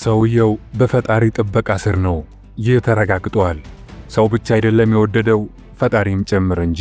ሰውየው በፈጣሪ ጥበቃ ስር ነው። ይህ ተረጋግጧል። ሰው ብቻ አይደለም የወደደው ፈጣሪም ጭምር እንጂ።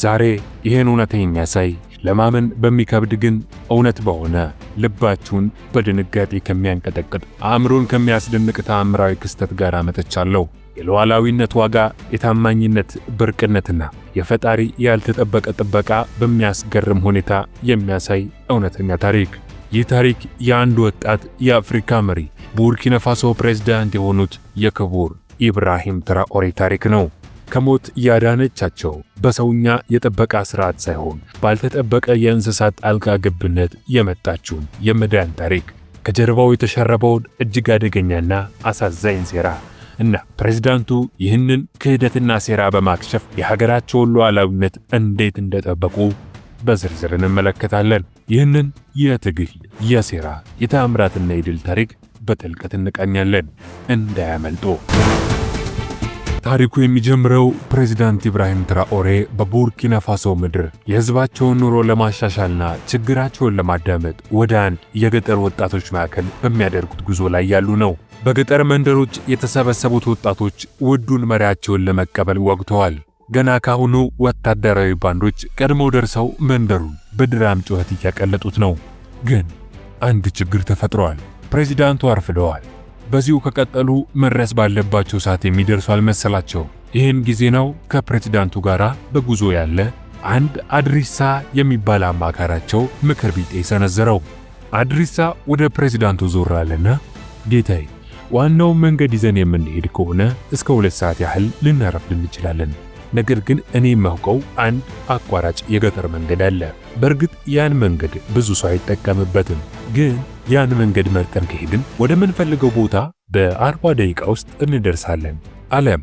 ዛሬ ይህን እውነት የሚያሳይ ለማመን በሚከብድ ግን እውነት በሆነ ልባችሁን በድንጋጤ ከሚያንቀጠቅጥ አእምሮን ከሚያስደንቅ ተአምራዊ ክስተት ጋር አመጥቻለሁ። የሉዓላዊነት ዋጋ፣ የታማኝነት ብርቅነትና የፈጣሪ ያልተጠበቀ ጥበቃ በሚያስገርም ሁኔታ የሚያሳይ እውነተኛ ታሪክ። ይህ ታሪክ የአንድ ወጣት የአፍሪካ መሪ ቡርኪና ፋሶ ፕሬዝዳንት የሆኑት የክቡር ኢብራሂም ትራኦሬ ታሪክ ነው። ከሞት ያዳነቻቸው በሰውኛ የጥበቃ ስርዓት ሳይሆን ባልተጠበቀ የእንስሳት ጣልቃ ገብነት የመጣችውን የመዳን ታሪክ ከጀርባው የተሸረበውን እጅግ አደገኛና አሳዛኝ ሴራ እና ፕሬዝዳንቱ ይህንን ክህደትና ሴራ በማክሸፍ የሀገራቸውን ሉዓላዊነት እንዴት እንደጠበቁ በዝርዝር እንመለከታለን። ይህንን የትግል የሴራ የተአምራትና የድል ታሪክ በጥልቀት እንቃኛለን፣ እንዳያመልጡ። ታሪኩ የሚጀምረው ፕሬዚዳንት ኢብራሂም ትራኦሬ በቡርኪና ፋሶ ምድር የህዝባቸውን ኑሮ ለማሻሻልና ችግራቸውን ለማዳመጥ ወደ አንድ የገጠር ወጣቶች ማዕከል በሚያደርጉት ጉዞ ላይ ያሉ ነው። በገጠር መንደሮች የተሰበሰቡት ወጣቶች ውዱን መሪያቸውን ለመቀበል ወግተዋል። ገና ካሁኑ ወታደራዊ ባንዶች ቀድመው ደርሰው መንደሩን በድራም ጩኸት እያቀለጡት ነው። ግን አንድ ችግር ተፈጥሯል። ፕሬዚዳንቱ አርፍደዋል። በዚሁ ከቀጠሉ መድረስ ባለባቸው ሰዓት የሚደርሱ አልመሰላቸውም። ይህን ጊዜ ነው ከፕሬዚዳንቱ ጋር በጉዞ ያለ አንድ አድሪሳ የሚባል አማካራቸው ምክር ቢጤ ሰነዘረው። አድሪሳ ወደ ፕሬዚዳንቱ ዞር አለና ጌታዬ፣ ዋናው መንገድ ይዘን የምንሄድ ከሆነ እስከ ሁለት ሰዓት ያህል ልናረፍድ እንችላለን ነገር ግን እኔ የማውቀው አንድ አቋራጭ የገጠር መንገድ አለ። በእርግጥ ያን መንገድ ብዙ ሰው አይጠቀምበትም፣ ግን ያን መንገድ መርጠን ከሄድን ወደምንፈልገው ቦታ በአርባ ደቂቃ ውስጥ እንደርሳለን አለም።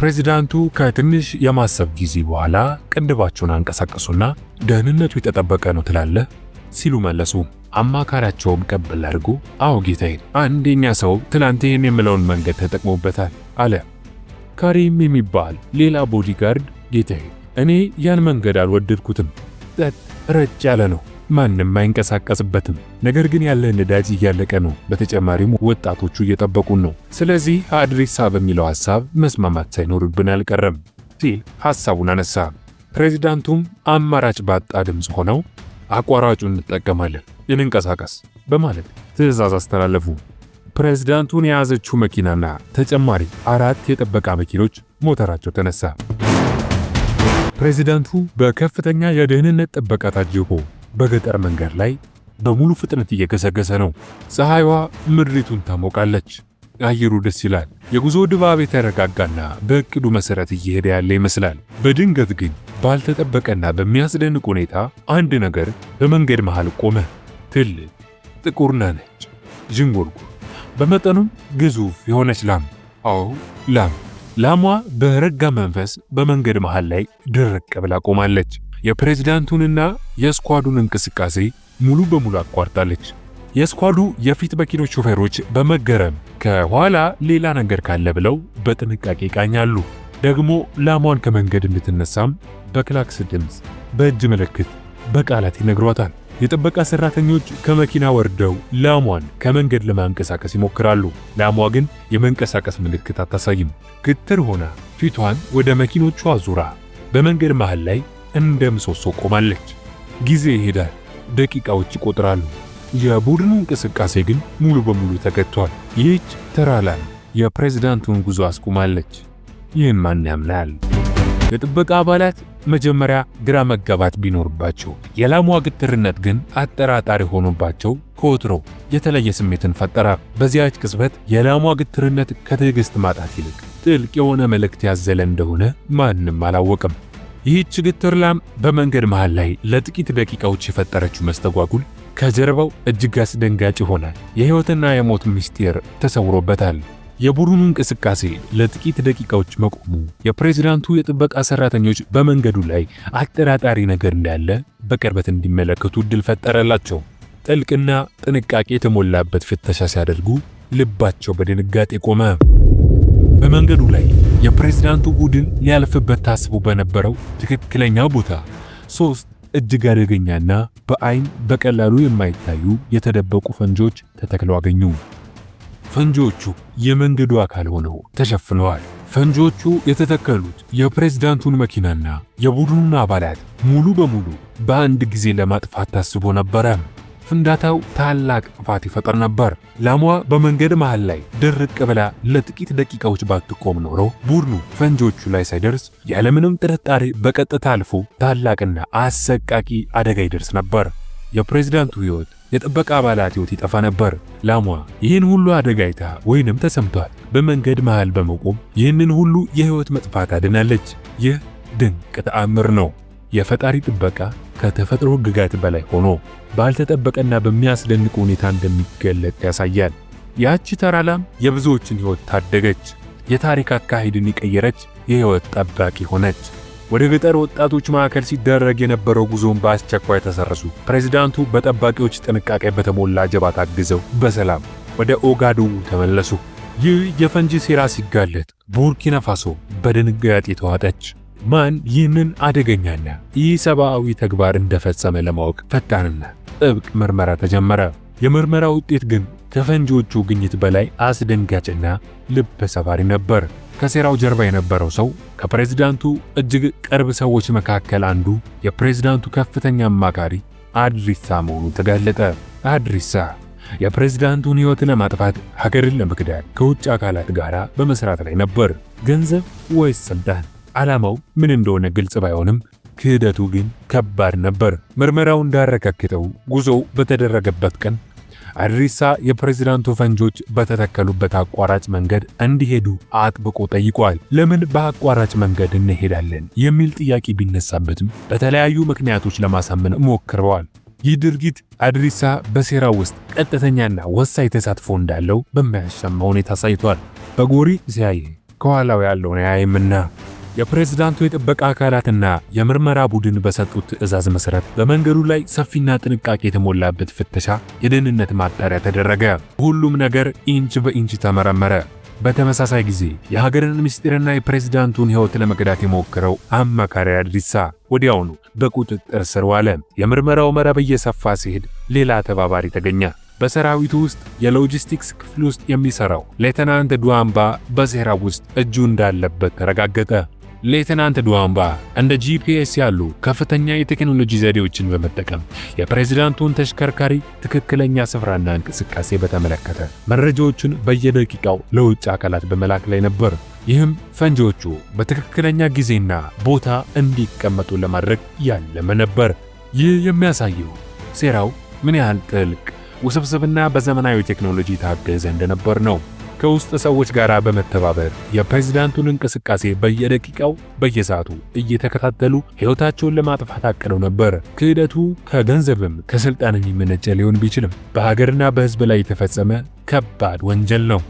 ፕሬዚዳንቱ ከትንሽ የማሰብ ጊዜ በኋላ ቅንድባቸውን አንቀሳቀሱና ደህንነቱ የተጠበቀ ነው ትላለህ ሲሉ መለሱ። አማካሪያቸውም ቀበል አድርጎ አዎ ጌታዬ፣ አንደኛ ሰው ትናንት ይህን የምለውን መንገድ ተጠቅሞበታል አለ። ካሪም የሚባል ሌላ ቦዲጋርድ ጌታዬ፣ እኔ ያን መንገድ አልወደድኩትም። ጠጥ ረጭ ያለ ነው። ማንም አይንቀሳቀስበትም። ነገር ግን ያለ ነዳጅ እያለቀ ነው። በተጨማሪም ወጣቶቹ እየጠበቁን ነው። ስለዚህ አድሬሳ በሚለው ሐሳብ መስማማት ሳይኖርብን አልቀረም ሲል ሐሳቡን አነሳ። ፕሬዚዳንቱም አማራጭ ባጣ ድምፅ ሆነው አቋራጩን እንጠቀማለን፣ እንንቀሳቀስ በማለት ትዕዛዝ አስተላለፉ። ፕሬዝዳንቱን የያዘችው መኪናና ተጨማሪ አራት የጥበቃ መኪኖች ሞተራቸው ተነሳ። ፕሬዝዳንቱ በከፍተኛ የደህንነት ጥበቃ ታጅቦ በገጠር መንገድ ላይ በሙሉ ፍጥነት እየገሰገሰ ነው። ፀሐይዋ ምድሪቱን ታሞቃለች። አየሩ ደስ ይላል። የጉዞ ድባብ የተረጋጋና በእቅዱ መሰረት እየሄደ ያለ ይመስላል። በድንገት ግን ባልተጠበቀና በሚያስደንቅ ሁኔታ አንድ ነገር በመንገድ መሃል ቆመ። ትልቅ ጥቁርና ነጭ ዥንጉርጉር በመጠኑም ግዙፍ የሆነች ላም። አዎ ላም። ላሟ በረጋ መንፈስ በመንገድ መሃል ላይ ድርቅ ብላ ቆማለች። የፕሬዝዳንቱንና የስኳዱን እንቅስቃሴ ሙሉ በሙሉ አቋርጣለች። የስኳዱ የፊት መኪኖች ሾፌሮች በመገረም ከኋላ ሌላ ነገር ካለ ብለው በጥንቃቄ ይቃኛሉ። ደግሞ ላሟን ከመንገድ እንድትነሳም በክላክስ ድምፅ፣ በእጅ ምልክት፣ በቃላት ይነግሯታል። የጥበቃ ሰራተኞች ከመኪና ወርደው ላሟን ከመንገድ ለማንቀሳቀስ ይሞክራሉ። ላሟ ግን የመንቀሳቀስ ምልክት አታሳይም። ክትር ሆና ፊቷን ወደ መኪኖቹ አዙራ በመንገድ መሃል ላይ እንደ ምሰሶ ቆማለች። ጊዜ ይሄዳል፣ ደቂቃዎች ይቆጥራሉ። የቡድኑ እንቅስቃሴ ግን ሙሉ በሙሉ ተከቷል። ይህች ተራ የፕሬዝዳንቱን ጉዞ አስቁማለች። ይህን ማን ያምናል? የጥበቃ አባላት መጀመሪያ ግራ መጋባት ቢኖርባቸው የላሟ ግትርነት ግን አጠራጣሪ ሆኖባቸው ከወትሮ የተለየ ስሜትን ፈጠራ። በዚያች ቅጽበት የላሟ ግትርነት ከትዕግስት ማጣት ይልቅ ጥልቅ የሆነ መልእክት ያዘለ እንደሆነ ማንም አላወቅም ይህች ግትር ላም በመንገድ መሃል ላይ ለጥቂት ደቂቃዎች የፈጠረችው መስተጓጉል ከጀርባው እጅግ አስደንጋጭ ይሆናል። የሕይወትና የሞት ምስጢር ተሰውሮበታል። የቡድኑ እንቅስቃሴ ለጥቂት ደቂቃዎች መቆሙ የፕሬዝዳንቱ የጥበቃ ሰራተኞች በመንገዱ ላይ አጠራጣሪ ነገር እንዳለ በቅርበት እንዲመለከቱ እድል ፈጠረላቸው። ጥልቅና ጥንቃቄ የተሞላበት ፍተሻ ሲያደርጉ ልባቸው በድንጋጤ ቆመ። በመንገዱ ላይ የፕሬዝዳንቱ ቡድን ሊያልፍበት ታስቦ በነበረው ትክክለኛ ቦታ ሶስት እጅግ አደገኛና በአይን በቀላሉ የማይታዩ የተደበቁ ፈንጆች ተተክለው አገኙ። ፈንጂዎቹ የመንገዱ አካል ሆነው ተሸፍነዋል። ፈንጂዎቹ የተተከሉት የፕሬዝዳንቱን መኪናና የቡድኑን አባላት ሙሉ በሙሉ በአንድ ጊዜ ለማጥፋት ታስቦ ነበረ። ፍንዳታው ታላቅ ጥፋት ይፈጥር ነበር። ላሟ በመንገድ መሃል ላይ ድርቅ ብላ ለጥቂት ደቂቃዎች ባትቆም ኖሮ ቡድኑ ፈንጂዎቹ ላይ ሳይደርስ ያለምንም ጥርጣሬ በቀጥታ አልፎ ታላቅና አሰቃቂ አደጋ ይደርስ ነበር። የፕሬዝዳንቱ ህይወት፣ የጥበቃ አባላት ህይወት ይጠፋ ነበር። ላሟ ይህን ሁሉ አደጋ አይታ ወይንም ተሰምቷል በመንገድ መሃል በመቆም ይህንን ሁሉ የህይወት መጥፋት አድናለች። ይህ ድንቅ ተአምር ነው። የፈጣሪ ጥበቃ ከተፈጥሮ ህግጋት በላይ ሆኖ ባልተጠበቀና በሚያስደንቅ ሁኔታ እንደሚገለጥ ያሳያል። ያቺ ተራ ላም የብዙዎችን ህይወት ታደገች። የታሪክ አካሄድን የቀየረች የህይወት ጠባቂ ሆነች። ወደ ገጠር ወጣቶች ማዕከል ሲደረግ የነበረው ጉዞውን በአስቸኳይ ተሰረሱ። ፕሬዝዳንቱ በጠባቂዎች ጥንቃቄ በተሞላ ጀባ ታግዘው በሰላም ወደ ኦጋዱጉ ተመለሱ። ይህ የፈንጂ ሴራ ሲጋለጥ ቡርኪና ፋሶ በድንጋጤ ተዋጠች። ማን ይህንን አደገኛና ይህ ሰብአዊ ተግባር እንደፈጸመ ለማወቅ ፈጣንና ጥብቅ ምርመራ ተጀመረ። የምርመራ ውጤት ግን ከፈንጂዎቹ ግኝት በላይ አስደንጋጭና ልብ ሰባሪ ነበር። ከሴራው ጀርባ የነበረው ሰው ከፕሬዝዳንቱ እጅግ ቅርብ ሰዎች መካከል አንዱ የፕሬዝዳንቱ ከፍተኛ አማካሪ አድሪሳ መሆኑ ተጋለጠ። አድሪሳ የፕሬዝዳንቱን ሕይወት ለማጥፋት ሀገርን ለመክዳት ከውጭ አካላት ጋር በመስራት ላይ ነበር። ገንዘብ ወይስ ስልጣን? ዓላማው ምን እንደሆነ ግልጽ ባይሆንም ክህደቱ ግን ከባድ ነበር። ምርመራው እንዳረጋገጠው ጉዞው በተደረገበት ቀን አድሪሳ የፕሬዚዳንቱ ፈንጆች በተተከሉበት አቋራጭ መንገድ እንዲሄዱ አጥብቆ ጠይቋል። ለምን በአቋራጭ መንገድ እንሄዳለን የሚል ጥያቄ ቢነሳበትም በተለያዩ ምክንያቶች ለማሳመን ሞክረዋል። ይህ ድርጊት አድሪሳ በሴራ ውስጥ ቀጥተኛና ወሳኝ ተሳትፎ እንዳለው በሚያሻማ ሁኔታ አሳይቷል። በጎሪ ሲያየ ከኋላው ያለውን አያይምና የፕሬዝዳንቱ የጥበቃ አካላትና የምርመራ ቡድን በሰጡት ትዕዛዝ መሠረት በመንገዱ ላይ ሰፊና ጥንቃቄ የተሞላበት ፍተሻ፣ የደህንነት ማጣሪያ ተደረገ። ሁሉም ነገር ኢንች በኢንች ተመረመረ። በተመሳሳይ ጊዜ የሀገርን ምስጢርና የፕሬዝዳንቱን ሕይወት ለመግዳት የሞከረው አማካሪ አድሪሳ ወዲያውኑ በቁጥጥር ስር ዋለ። የምርመራው መረብ እየሰፋ ሲሄድ ሌላ ተባባሪ ተገኘ። በሰራዊቱ ውስጥ የሎጂስቲክስ ክፍል ውስጥ የሚሰራው ሌተናንት ዱአምባ በሴራ ውስጥ እጁ እንዳለበት ተረጋገጠ። ሌተናንት ዱዋምባ እንደ ጂፒኤስ ያሉ ከፍተኛ የቴክኖሎጂ ዘዴዎችን በመጠቀም የፕሬዝዳንቱን ተሽከርካሪ ትክክለኛ ስፍራና እንቅስቃሴ በተመለከተ መረጃዎቹን በየደቂቃው ለውጭ አካላት በመላክ ላይ ነበር። ይህም ፈንጂዎቹ በትክክለኛ ጊዜና ቦታ እንዲቀመጡ ለማድረግ ያለመ ነበር። ይህ የሚያሳየው ሴራው ምን ያህል ጥልቅ ውስብስብና በዘመናዊ ቴክኖሎጂ ታገዘ እንደነበር ነው። ከውስጥ ሰዎች ጋር በመተባበር የፕሬዝዳንቱን እንቅስቃሴ በየደቂቃው በየሰዓቱ እየተከታተሉ ሕይወታቸውን ለማጥፋት አቅደው ነበር። ክህደቱ ከገንዘብም ከስልጣን የሚመነጨ ሊሆን ቢችልም በሀገርና በሕዝብ ላይ የተፈጸመ ከባድ ወንጀል ነው።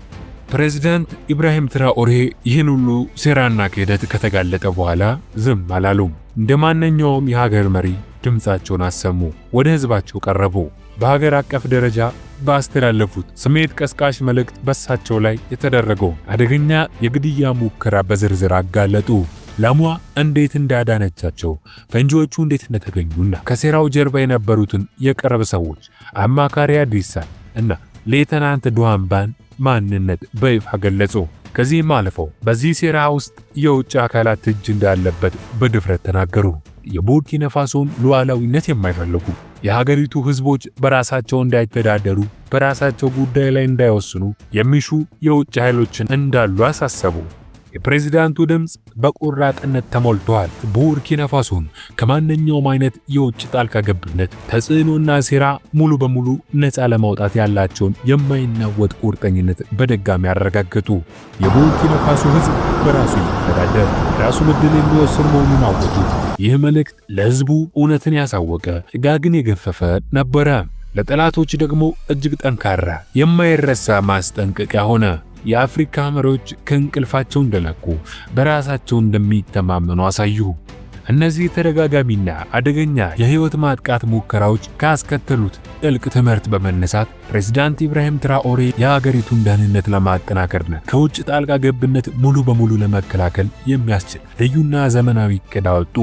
ፕሬዝዳንት ኢብራሂም ትራኦሬ ይህን ሁሉ ሴራና ክህደት ከተጋለጠ በኋላ ዝም አላሉም። እንደ ማንኛውም የሀገር መሪ ድምፃቸውን አሰሙ፣ ወደ ሕዝባቸው ቀረቡ። በሀገር አቀፍ ደረጃ ባስተላለፉት ስሜት ቀስቃሽ መልእክት በሳቸው ላይ የተደረገው አደገኛ የግድያ ሙከራ በዝርዝር አጋለጡ። ላሟ እንዴት እንዳዳነቻቸው፣ ፈንጂዎቹ እንዴት እንደተገኙና ከሴራው ጀርባ የነበሩትን የቅርብ ሰዎች አማካሪ አዲሳን እና ሌተናንት ዱሃንባን ማንነት በይፋ ገለጹ። ከዚህም አልፈው በዚህ ሴራ ውስጥ የውጭ አካላት እጅ እንዳለበት በድፍረት ተናገሩ። የቡርኪና ፋሶን ሉዓላዊነት የማይፈልጉ የሀገሪቱ ህዝቦች በራሳቸው እንዳይተዳደሩ፣ በራሳቸው ጉዳይ ላይ እንዳይወስኑ የሚሹ የውጭ ኃይሎችን እንዳሉ አሳሰቡ። የፕሬዚዳንቱ ድምፅ በቆራጥነት ተሞልቷል። ቡርኪና ፋሶን ከማንኛውም አይነት የውጭ ጣልቃ ገብነት ተጽዕኖና ሴራ ሙሉ በሙሉ ነፃ ለማውጣት ያላቸውን የማይናወጥ ቁርጠኝነት በድጋሚ ያረጋገጡ። የቡርኪና ፋሶ ህዝብ በራሱ የሚተዳደር ራሱን ዕድል የሚወስን መሆኑን አወጡ። ይህ መልእክት ለህዝቡ እውነትን ያሳወቀ፣ ጋግን የገፈፈ ነበረ። ለጠላቶች ደግሞ እጅግ ጠንካራ የማይረሳ ማስጠንቀቂያ ሆነ። የአፍሪካ መሪዎች ከእንቅልፋቸው እንደነቁ በራሳቸው እንደሚተማመኑ አሳዩ። እነዚህ ተደጋጋሚና አደገኛ የህይወት ማጥቃት ሙከራዎች ካስከተሉት ጥልቅ ትምህርት በመነሳት ፕሬዝዳንት ኢብራሂም ትራኦሬ የሀገሪቱን ደህንነት ለማጠናከርና ከውጭ ጣልቃ ገብነት ሙሉ በሙሉ ለመከላከል የሚያስችል ልዩና ዘመናዊ እቅድ አወጡ።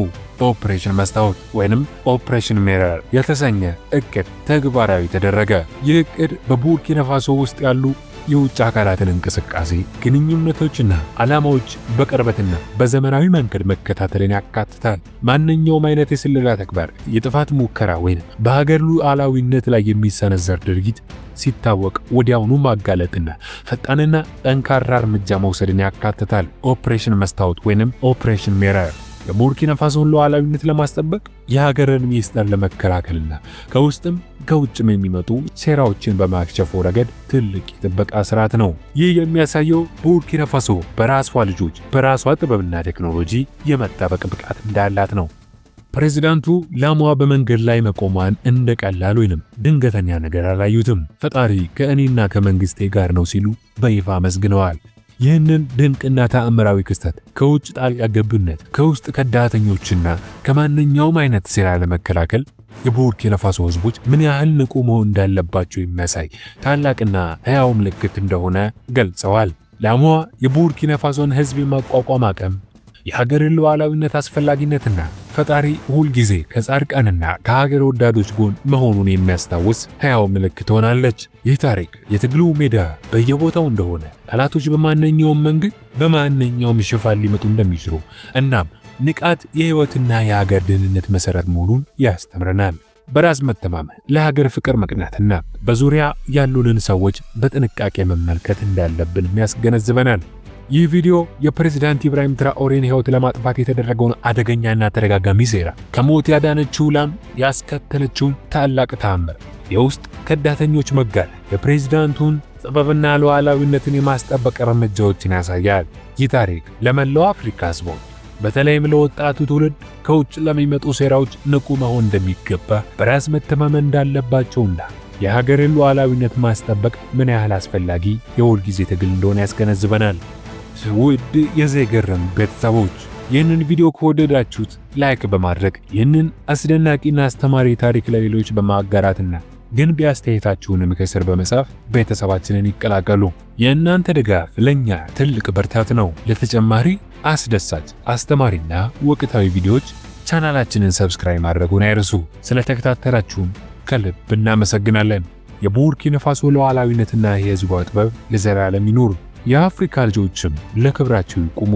ኦፕሬሽን መስታወት ወይንም ኦፕሬሽን ሜረር የተሰኘ እቅድ ተግባራዊ ተደረገ። ይህ እቅድ በቡርኪና ፋሶ ውስጥ ያሉ የውጭ አካላትን እንቅስቃሴ፣ ግንኙነቶችና ዓላማዎች በቅርበትና በዘመናዊ መንገድ መከታተልን ያካትታል። ማንኛውም አይነት የስለላ ተግባር፣ የጥፋት ሙከራ ወይም በሀገር ሉዓላዊነት ላይ የሚሰነዘር ድርጊት ሲታወቅ ወዲያውኑ ማጋለጥና ፈጣንና ጠንካራ እርምጃ መውሰድን ያካትታል። ኦፕሬሽን መስታወት ወይንም ኦፕሬሽን ሜረር። የቡርኪና ፋሶን ሉዓላዊነት ለማስጠበቅ የሀገርን ሚስጥር ለመከላከልና ከውስጥም ከውጭም የሚመጡ ሴራዎችን በማክሸፉ ረገድ ትልቅ የጥበቃ ስርዓት ነው። ይህ የሚያሳየው ቡርኪና ፋሶ በራሷ ልጆች በራሷ ጥበብና ቴክኖሎጂ የመጠበቅ ብቃት እንዳላት ነው። ፕሬዚዳንቱ ላሟ በመንገድ ላይ መቆሟን እንደ ቀላል ወይንም ድንገተኛ ነገር አላዩትም። ፈጣሪ ከእኔና ከመንግስቴ ጋር ነው ሲሉ በይፋ አመስግነዋል። ይህንን ድንቅና ተአምራዊ ክስተት ከውጭ ጣልቃ ገብነት፣ ከውስጥ ከዳተኞችና ከማንኛውም አይነት ሴራ ለመከላከል የቡርኪና ፋሶ ህዝቦች ምን ያህል ንቁ መሆን እንዳለባቸው የሚያሳይ ታላቅና ሕያው ምልክት እንደሆነ ገልጸዋል። ላሟ የቡርኪና ፋሶን ህዝብ የማቋቋም አቅም የሀገርን ሉዓላዊነት አስፈላጊነትና ፈጣሪ ሁልጊዜ ከጻድቃንና ከሀገር ወዳዶች ጎን መሆኑን የሚያስታውስ ሕያው ምልክት ሆናለች። ይህ ታሪክ የትግሉ ሜዳ በየቦታው እንደሆነ፣ ጠላቶች በማንኛውም መንገድ በማንኛውም ሽፋን ሊመጡ እንደሚችሉ እናም ንቃት የህይወትና የሀገር ደህንነት መሠረት መሆኑን ያስተምረናል። በራስ መተማመን፣ ለሀገር ፍቅር መቅናትና በዙሪያ ያሉንን ሰዎች በጥንቃቄ መመልከት እንዳለብን ያስገነዝበናል። ይህ ቪዲዮ የፕሬዝዳንት ኢብራሂም ትራኦሬን ሕይወት ለማጥፋት የተደረገውን አደገኛና ተደጋጋሚ ሴራ፣ ከሞት ያዳነችው ላም ያስከተለችውን ታላቅ ተአምር፣ የውስጥ ከዳተኞች መጋር፣ የፕሬዝዳንቱን ጥበብና ሉዓላዊነትን የማስጠበቅ እርምጃዎችን ያሳያል። ይህ ታሪክ ለመላው አፍሪካ ሕዝቦች በተለይም ለወጣቱ ትውልድ ከውጭ ለሚመጡ ሴራዎች ንቁ መሆን እንደሚገባ፣ በራስ መተማመን እንዳለባቸውና የሀገርን ሉዓላዊነት ማስጠበቅ ምን ያህል አስፈላጊ የሁል ጊዜ ትግል እንደሆነ ያስገነዝበናል። ውድ የዘይገርም ቤተሰቦች ይህንን ቪዲዮ ከወደዳችሁት ላይክ በማድረግ ይህንን አስደናቂና አስተማሪ ታሪክ ለሌሎች በማጋራትና ግን አስተያየታችሁንም ከስር በመጻፍ ቤተሰባችንን ይቀላቀሉ። የእናንተ ድጋፍ ለእኛ ትልቅ ብርታት ነው። ለተጨማሪ አስደሳች አስተማሪና ወቅታዊ ቪዲዮዎች ቻናላችንን ሰብስክራይብ ማድረጉን አይርሱ። ስለተከታተላችሁም ከልብ እናመሰግናለን። የቡርኪና ፋሶ ሉዓላዊነትና የህዝቧ ጥበብ ለዘላለም ይኑር። የአፍሪካ ልጆችም ለክብራቸው ይቁሙ።